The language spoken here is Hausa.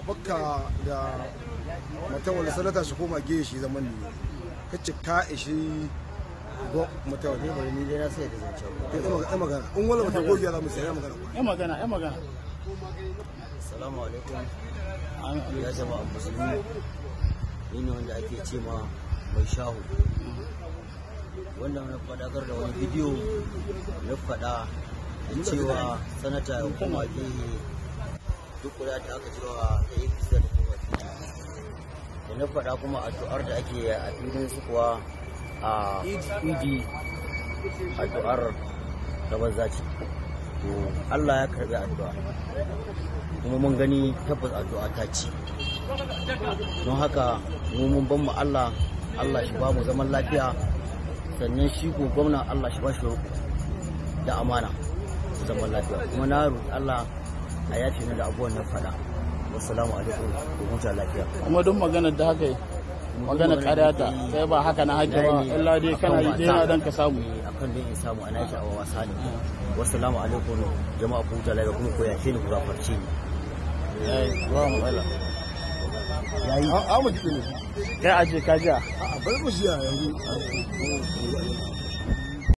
a bakka da matawar sanata su koma gehe shi zaman ne ka ka ishi go matawar ne bari ni dai na sai da zance ko magana in wala mata gogiya za mu sai magana ya magana ya magana assalamu alaikum an ya jama'a musulmi ni ne wanda ake ce ma mai shahu wanda na fadakar da wani bidiyo na da cewa sanata ya koma gehe kuri'a da aka ciro a apc da kuma da na faɗa kuma addu'ar da ake a filin su kuwa a idi addu'ar da banza to allah ya karbi addu'a kuma mun gani tabbas addu'a ta ci don haka mu mun ban mu allah allah shi ba mu zaman lafiya sannan shi ko gwamna allah shi ba shi da amana zaman lafiya kuma na roƙi allah a yafi da abubuwan na fada wasalamu alaikum huta lafiya da haka magana kariya ta sai ba haka na haka ba illa dai kana yi dai dan ka samu akan dai in samu ana ki a wasa ne alaikum jama'a ku huta lafiya kuma ku yashe ni ku gafarce ni yayi ba mu Ya yayi a mu ne kai aje ka a bar mu a yanzu